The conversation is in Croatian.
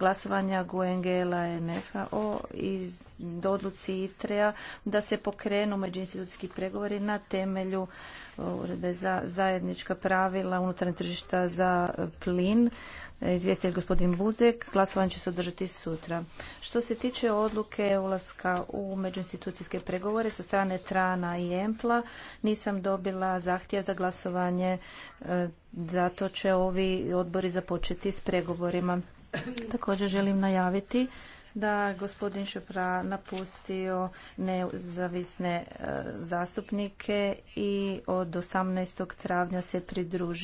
glasovanja Guengela nf o iz, odluci ITREA da se pokrenu međuinstitutski pregovori na temelju e, urede za zajednička pravila unutarnjeg tržišta za plin izvjestitelj gospodin Buzek. Glasovanje će se održati sutra. Što se tiče odluke ulaska u međuinstitucijske pregovore sa strane Trana i Empla, nisam dobila zahtjev za glasovanje, e, zato će ovi odbori započeti s pregovorima. Također želim najaviti da gospodin Šepra napustio nezavisne e, zastupnike i od 18. travnja se pridružio